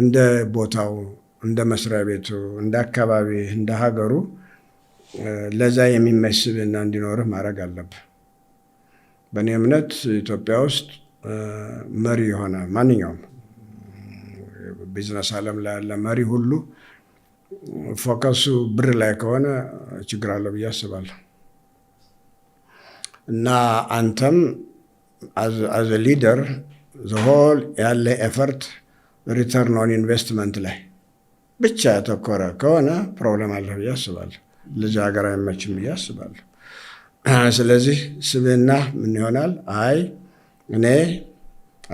እንደ ቦታው፣ እንደ መስሪያ ቤቱ፣ እንደ አካባቢ፣ እንደ ሀገሩ ለዛ የሚመስብና እንዲኖርህ ማድረግ አለብህ። በእኔ እምነት ኢትዮጵያ ውስጥ መሪ የሆነ ማንኛውም ቢዝነስ ዓለም ላይ ያለ መሪ ሁሉ ፎከሱ ብር ላይ ከሆነ ችግር አለው ብዬ አስባለሁ። እና አንተም አዘ ሊደር ዘሆል ያለ ኤፈርት ሪተርን ኦን ኢንቨስትመንት ላይ ብቻ ያተኮረ ከሆነ ፕሮብለም አለ ብዬ አስባለሁ። ልጅ ሀገር አይመችም ብዬ አስባለሁ። ስለዚህ ስብዕና ምን ይሆናል? አይ እኔ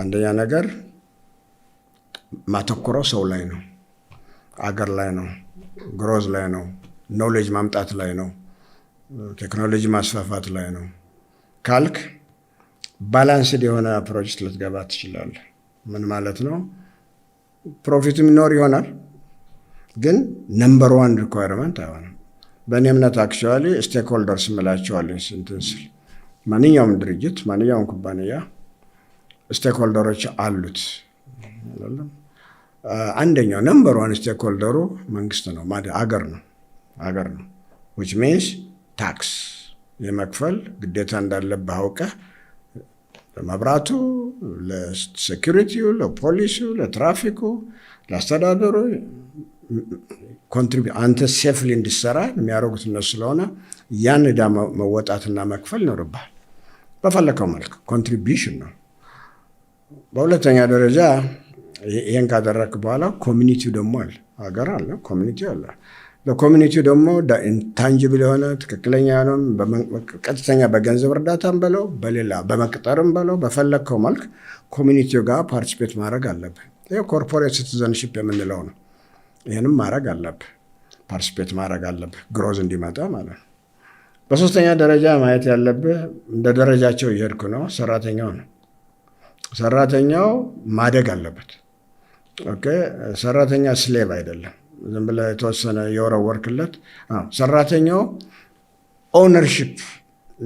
አንደኛ ነገር ማተኮረው ሰው ላይ ነው፣ አገር ላይ ነው፣ ግሮዝ ላይ ነው፣ ኖሌጅ ማምጣት ላይ ነው፣ ቴክኖሎጂ ማስፋፋት ላይ ነው ካልክ ባላንስድ የሆነ ፕሮጀክት ልትገባ ትችላለህ። ምን ማለት ነው? ፕሮፊትም ይኖር ይሆናል፣ ግን ነምበር ዋን ሪኳርመንት አይሆንም። በእኔ እምነት አክቹዋሊ ስቴክሆልደርስ እምላቸዋለሁ እንትን ስል ማንኛውም ድርጅት ማንኛውም ኩባንያ ስቴክሆልደሮች አሉት። አንደኛው ነምበር ዋን ስቴክሆልደሩ መንግስት ነው፣ አገር ነው አገር ነው። ዊች ሚንስ ታክስ የመክፈል ግዴታ እንዳለብህ አውቀህ ለመብራቱ ለሴኪሪቲው፣ ለፖሊሲው፣ ለትራፊኩ፣ ለአስተዳደሩ አንተ ሴፍሊ እንዲሰራ የሚያደርጉት እነሱ ስለሆነ ያን ዕዳ መወጣትና መክፈል ይኖርብሃል። በፈለከው መልክ ኮንትሪቢሽን ነው። በሁለተኛ ደረጃ ይህን ካደረግክ በኋላ ኮሚኒቲው ደግሞ አለ፣ ሀገር አለ፣ ኮሚኒቲ አለ። ለኮሚኒቲ ደግሞ ኢንታንጅብል የሆነ ትክክለኛ ያልሆን ቀጥተኛ በገንዘብ እርዳታም በለው በሌላ በመቅጠርም በለው በፈለግከው መልክ ኮሚኒቲው ጋር ፓርቲስፔት ማድረግ አለብህ። ይህ ኮርፖሬት ሲቲዘንሽፕ የምንለው ነው። ይህንም ማድረግ አለብህ፣ ፓርቲስፔት ማድረግ አለብህ፣ ግሮዝ እንዲመጣ ማለት ነው። በሶስተኛ ደረጃ ማየት ያለብህ እንደ ደረጃቸው እየሄድኩ ነው፣ ሰራተኛው ነው። ሰራተኛው ማደግ አለበት። ኦኬ፣ ሰራተኛ ስሌቭ አይደለም። ዝም ብለህ የተወሰነ የወረወርክለት ሰራተኛው ኦነርሽፕ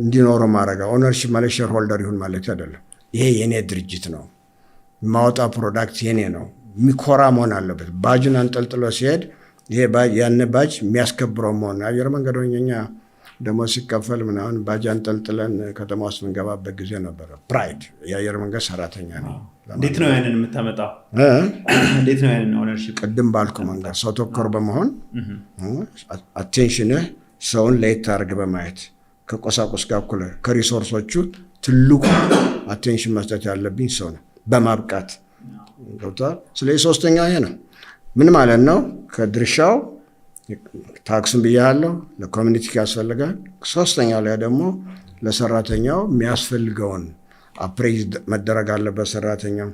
እንዲኖረው ማድረግ። ኦነርሽፕ ማለት ሼር ሆልደር ይሁን ማለት አይደለም። ይሄ የኔ ድርጅት ነው፣ የማወጣ ፕሮዳክት የኔ ነው። የሚኮራ መሆን አለበት። ባጁን አንጠልጥሎ ሲሄድ ይሄ ያን ባጅ የሚያስከብረው መሆን አየር መንገደኛ ደግሞ ሲከፈል ምናምን ባጅ አንጠልጥለን ከተማ ውስጥ ምንገባበት ጊዜ ነበረ። ፕራይድ የአየር መንገድ ሰራተኛ ነው። እንዴት ነው ያንን የምታመጣው? እንዴት ነው ያንን ኦነርሺፕ? ቅድም ባልኩ መንገድ ሰው ተኮር በመሆን አቴንሽንህ ሰውን ለየት አድርግ በማየት ከቁሳቁስ ጋር እኩል ከሪሶርሶቹ ትልቁ አቴንሽን መስጠት ያለብኝ ሰው ነው በማብቃት ገብቷል። ስለዚህ ሶስተኛ ይሄ ነው። ምን ማለት ነው? ከድርሻው ታክሱን ብያለሁ፣ ለኮሚኒቲ ያስፈልጋል። ሶስተኛ ላይ ደግሞ ለሰራተኛው የሚያስፈልገውን አፕሬዝ መደረግ አለበት። ሰራተኛው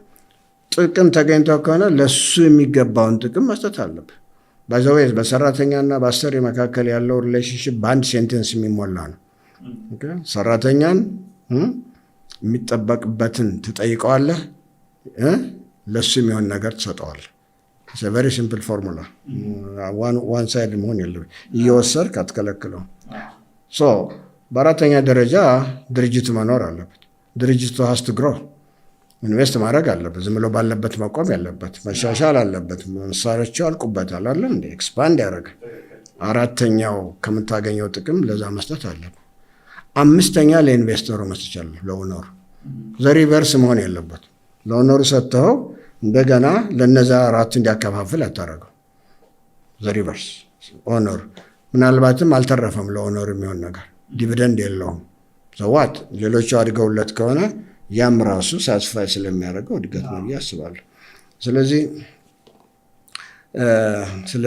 ጥቅም ተገኝቶ ከሆነ ለሱ የሚገባውን ጥቅም መስጠት አለብህ። በዘዌ በሰራተኛና በአሰሪ መካከል ያለው ሪሌሽንሽፕ በአንድ ሴንቴንስ የሚሞላ ነው። mm. ሰራተኛን hm? የሚጠበቅበትን ትጠይቀዋለህ፣ ለሱ የሚሆን ነገር ትሰጠዋለህ። ቨሪ ሲምፕል ፎርሙላ። ዋን ሳይድ መሆን የለብህ። እየወሰድክ አትከለክለው። በአራተኛ ደረጃ ድርጅት መኖር አለበት። ድርጅቱ ግሮ ኢንቨስት ማድረግ አለበት። ዝም ብሎ ባለበት መቆም ያለበት መሻሻል አለበት። መሳሪያቸው አልቁበታል አለ እንደ ኤክስፓንድ ያደረጋል። አራተኛው ከምታገኘው ጥቅም ለዛ መስጠት አለ። አምስተኛ ለኢንቨስተሩ መስቻለ ለኦነሩ ዘሪቨርስ መሆን ያለበት ለኦነሩ ሰጥተው እንደገና ለነዛ አራቱ እንዲያከፋፍል አታደረገው። ዘሪቨርስ ኦነር ምናልባትም አልተረፈም ለኦነር የሚሆን ነገር ዲቪደንድ የለውም። ሰዋት ሌሎቹ አድገውለት ከሆነ ያም ራሱ ሳትስፋይ ስለሚያደርገው እድገት ነው ብዬ አስባለሁ። ስለዚህ ስለ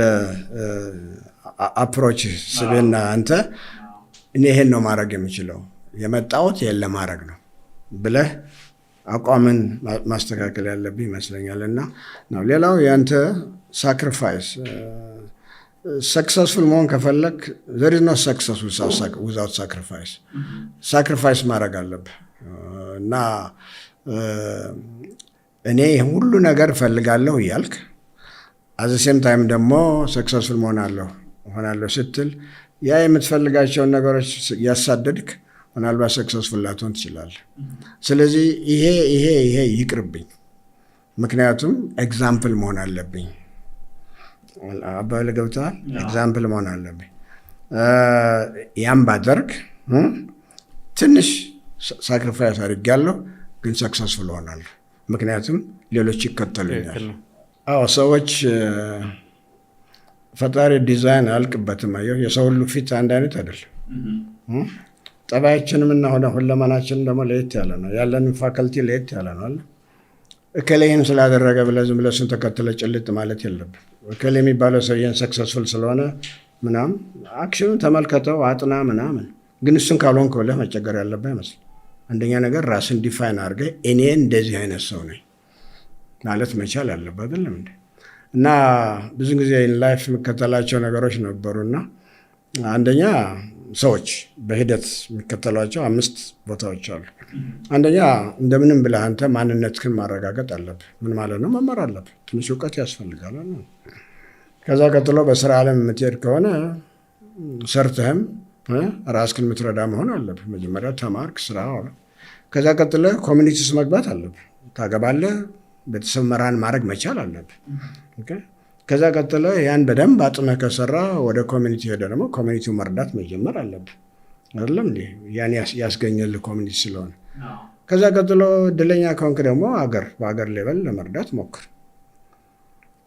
አፕሮች ስቤና አንተ እኔ ይሄን ነው ማድረግ የምችለው የመጣሁት ይሄን ለማድረግ ነው ብለህ አቋምን ማስተካከል ያለብህ ይመስለኛል። እና ነው ሌላው የአንተ ሳክሪፋይስ ሰክሰስፉል መሆን ከፈለግ ዘሪዝ ኖ ሰክሰስ ዊዛውት ሳክሪፋይስ ሳክሪፋይስ ማድረግ አለብህ እና እኔ ሁሉ ነገር እፈልጋለሁ እያልክ አዘ ሴም ታይም ደግሞ ሰክሰስፉል መሆናለሁ ሆናለሁ ስትል ያ የምትፈልጋቸውን ነገሮች እያሳደድክ ምናልባት ሰክሰስፉል ላትሆን ትችላለህ። ስለዚህ ይሄ ይሄ ይሄ ይቅርብኝ፣ ምክንያቱም ኤግዛምፕል መሆን አለብኝ አባዊ ለገብተዋል ኤግዛምፕል መሆን አለብኝ። ያም ባደርግ ትንሽ ሳክሪፋይስ አድርጌያለሁ፣ ግን ሰክሰስፉል እሆናለሁ። ምክንያቱም ሌሎች ይከተሉኛል። አዎ ሰዎች ፈጣሪ ዲዛይን አያልቅበትም። አየሁ የሰው ሁሉ ፊት አንድ አይነት አይደለም። ጠባያችንም እና ሆነ ሁለመናችንም ደግሞ ለየት ያለ ነው። ያለንም ፋከልቲ ለየት ያለ ነው። እከሌ ይህን ስላደረገ ብለህ ዝም ብለህ እሱን ተከትለህ ጭልጥ ማለት የለብን። እከሌ የሚባለው ሰውዬን ሰክሰስፉል ስለሆነ ምናምን አክሽኑ ተመልከተው አጥና ምናምን። ግን እሱን ካልሆንክ ብለህ መቸገር ያለብህ አይመስልም። አንደኛ ነገር ራስን ዲፋይን አድርገህ እኔ እንደዚህ አይነት ሰው ነኝ ማለት መቻል አለብህ አይደለም እንደ እና ብዙ ጊዜ ኢን ላይፍ የምከተላቸው ነገሮች ነበሩና አንደኛ ሰዎች በሂደት የሚከተሏቸው አምስት ቦታዎች አሉ። አንደኛ እንደምንም ብለህ አንተ ማንነትህን ማረጋገጥ አለብህ። ምን ማለት ነው? መማር አለብህ። ትንሽ እውቀት ያስፈልጋል። ከዛ ቀጥሎ በስራ ዓለም የምትሄድ ከሆነ ሰርተህም ራስክን የምትረዳ መሆን አለብህ። መጀመሪያ ተማርክ፣ ስራ። ከዛ ቀጥለ ኮሚኒቲስ መግባት አለብህ። ታገባለህ። ቤተሰብ መራን ማድረግ መቻል አለብህ። ከዛ ቀጥሎ ያን በደንብ አጥመ ከሰራ ወደ ኮሚኒቲ ሄደ ደግሞ ኮሚኒቲው መርዳት መጀመር አለብህ። አይደለም እንዴ? ያን ያስገኘል ኮሚኒቲ ስለሆነ። ከዛ ቀጥሎ እድለኛ ከሆንክ ደግሞ አገር በአገር ሌበል ለመርዳት ሞክር።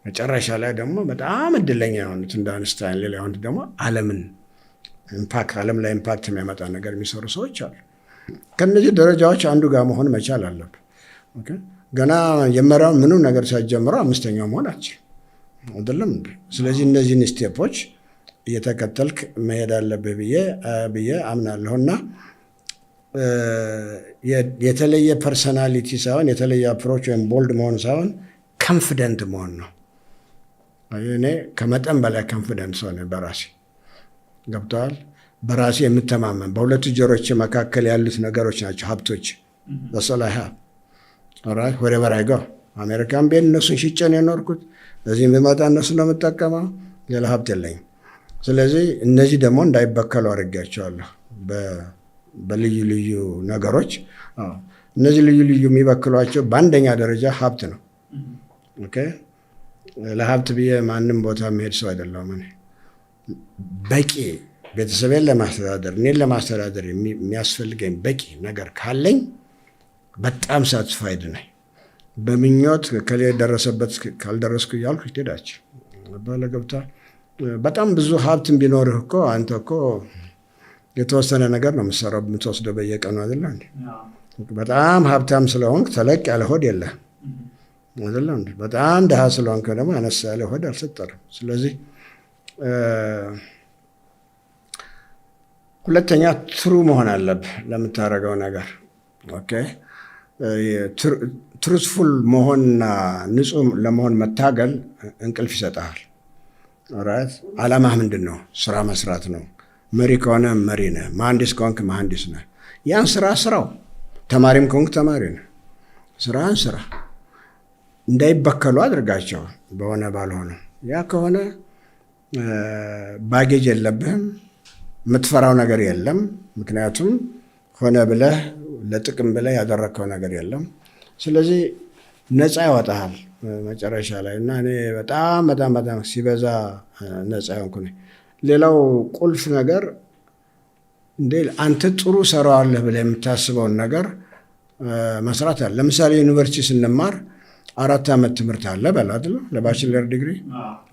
መጨረሻ ላይ ደግሞ በጣም እድለኛ የሆኑት እንደ አንስታይን ሌላ የሆኑት ደግሞ አለምን ኢምፓክት አለም ላይ ኢምፓክት የሚያመጣ ነገር የሚሰሩ ሰዎች አሉ። ከነዚህ ደረጃዎች አንዱ ጋር መሆን መቻል አለብህ። ገና መጀመሪያውን ምንም ነገር ሳይጀምረው አምስተኛው መሆን አችል አይደለም። ስለዚህ እነዚህን ስቴፖች እየተከተልክ መሄድ አለብህ ብዬ ብዬ አምናለሁ እና የተለየ ፐርሰናሊቲ ሳይሆን የተለየ አፕሮች ወይም ቦልድ መሆን ሳይሆን ከንፍደንት መሆን ነው። እኔ ከመጠን በላይ ከንፍደንት ሰው ነኝ በራሴ ገብተዋል። በራሴ የምተማመን በሁለቱ ጆሮች መካከል ያሉት ነገሮች ናቸው ሀብቶች በሶላይ ወደበራይ ጋር አሜሪካን ቤት እነሱን ሽጨን የኖርኩት እዚህም ብመጣ እነሱ ነው የምጠቀመው። ሌላ ሀብት የለኝም። ስለዚህ እነዚህ ደግሞ እንዳይበከሉ አድርጌያቸዋለሁ በልዩ ልዩ ነገሮች። እነዚህ ልዩ ልዩ የሚበክሏቸው በአንደኛ ደረጃ ሀብት ነው። ለሀብት ብዬ ማንም ቦታ መሄድ ሰው አይደለሁም። እኔ በቂ ቤተሰቤን ለማስተዳደር እኔን ለማስተዳደር የሚያስፈልገኝ በቂ ነገር ካለኝ በጣም ሳትስፋይድ ነኝ። በምኞት ከሌ ደረሰበት ካልደረስኩ እያልኩ ትሄዳች ባለ ገብታ በጣም ብዙ ሀብትን ቢኖርህ እኮ አንተ እኮ የተወሰነ ነገር ነው የምትሰራው የምትወስደው በየቀኑ አይደለ በጣም ሀብታም ስለሆንክ ተለቅ ያለ ሆድ የለህም አይደለ በጣም ድሃ ስለሆንክ ደግሞ አነሳ ያለ ሆድ አልሰጠርም ስለዚህ ሁለተኛ ትሩ መሆን አለብህ ለምታደርገው ነገር ኦኬ ትሩትፉል መሆንና ንጹህ ለመሆን መታገል እንቅልፍ ይሰጠሃል። ራት ዓላማህ ምንድን ነው? ስራ መስራት ነው። መሪ ከሆነ መሪ ነህ። መሐንዲስ ከሆንክ መሐንዲስ ነህ። ያን ስራ ስራው። ተማሪም ከሆንክ ተማሪ ነህ። ስራን ስራ። እንዳይበከሉ አድርጋቸው በሆነ ባልሆነ። ያ ከሆነ ባጌጅ የለብህም፣ የምትፈራው ነገር የለም። ምክንያቱም ሆነ ብለህ ለጥቅም ብለህ ያደረግከው ነገር የለም። ስለዚህ ነፃ ይወጣሃል መጨረሻ ላይ እና እኔ በጣም በጣም በጣም ሲበዛ ነፃ ይሆንኩ። ሌላው ቁልፍ ነገር እንደ አንተ ጥሩ ሰራዋለህ ብለህ የምታስበውን ነገር መስራት አለ። ለምሳሌ ዩኒቨርሲቲ ስንማር አራት ዓመት ትምህርት አለ በላት ለባችለር ዲግሪ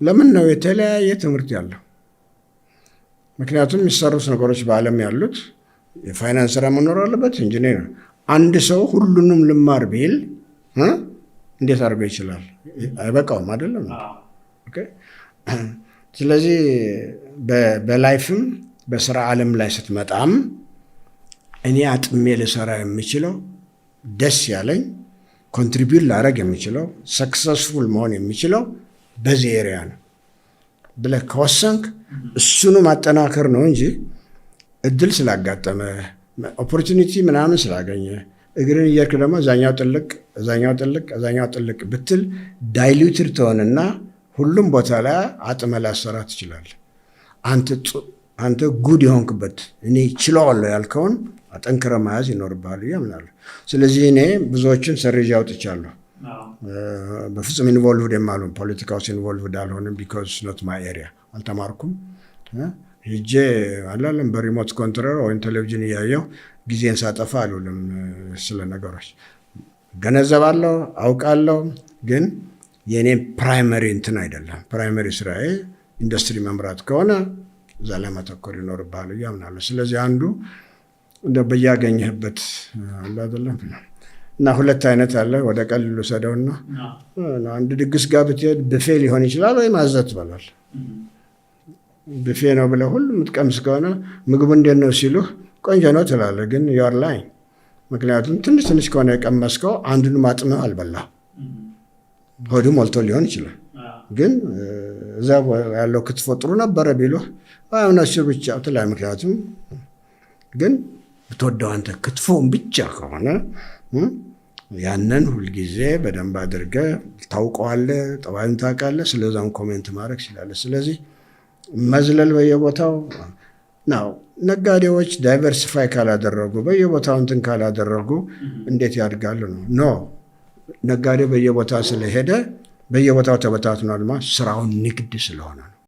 ለምን ነው የተለያየ ትምህርት ያለው? ምክንያቱም የሚሰሩት ነገሮች በዓለም ያሉት የፋይናንስ ስራ መኖር አለበት፣ ኢንጂኒር አንድ ሰው ሁሉንም ልማር ቢል እንዴት አድርጎ ይችላል? አይበቃውም አይደለም። ስለዚህ በላይፍም በስራ ዓለም ላይ ስትመጣም እኔ አጥሜ ልሰራ የምችለው ደስ ያለኝ ኮንትሪቢዩት ላደረግ የምችለው ሰክሰስፉል መሆን የምችለው በዚህ ኤሪያ ነው ብለህ ከወሰንክ እሱኑ ማጠናከር ነው እንጂ እድል ስላጋጠመ ኦፖርቹኒቲ ምናምን ስላገኘ እግርን እየርክ ደግሞ እዛኛው ጥልቅ እዛኛው ጥልቅ እዛኛው ጥልቅ ብትል ዳይሉትድ ትሆንና ሁሉም ቦታ ላይ አጥመ ላሰራ ትችላል። አንተ ጉድ የሆንክበት እኔ ችለዋለሁ ያልከውን አጠንክረ መያዝ ይኖርብሃል ብዬ አምናለሁ። ስለዚህ እኔ ብዙዎችን ሰርዤ አውጥቻለሁ። በፍጹም ኢንቮልቭድ የማልሆን ፖለቲካ ውስጥ ኢንቮልቭድ አልሆንም። ቢኮዝ ኖት ማይ ኤሪያ አልተማርኩም። ሄጄ አላለም በሪሞት ኮንትሮል ወይም ቴሌቪዥን እያየው ጊዜን ሳጠፋ አልውልም። ስለ ነገሮች ገነዘባለሁ፣ አውቃለሁ። ግን የእኔም ፕራይመሪ እንትን አይደለም። ፕራይመሪ ስራዬ ኢንዱስትሪ መምራት ከሆነ እዛ ላይ መተኮር ይኖርብሃል እያምናለሁ። ስለዚህ አንዱ እንደ በያገኘህበት አለ አይደለም እና ሁለት አይነት አለ። ወደ ቀልል ውሰደውና አንድ ድግስ ጋር ብትሄድ ብፌ ሊሆን ይችላል ወይም አዘት ትበላል ብፌ ነው ብለህ ሁሉ የምትቀምስ ከሆነ ምግቡ እንዴት ነው ሲሉህ ቆንጆ ነው ትላለህ። ግን ዮር ላይ ምክንያቱም ትንሽ ትንሽ ከሆነ የቀመስከው አንዱን ማጥምህ አልበላ ሆዱ ሞልቶ ሊሆን ይችላል። ግን እዛ ያለው ክትፎ ጥሩ ነበረ ቢሉህ እነሱ ብቻ ትላ ምክንያቱም ግን ብትወደው አንተ ክትፎን ብቻ ከሆነ ያንን ሁልጊዜ በደንብ አድርገህ ታውቀዋለህ፣ ጠባይን ታውቃለህ። ስለዛም ኮሜንት ማድረግ ይችላለ። ስለዚህ መዝለል በየቦታው ነው። ነጋዴዎች ዳይቨርሲፋይ ካላደረጉ በየቦታው እንትን ካላደረጉ እንዴት ያድጋሉ? ነው ኖ ነጋዴ በየቦታ ስለሄደ በየቦታው ተበታትኗል። ማ ስራውን ንግድ ስለሆነ ነው።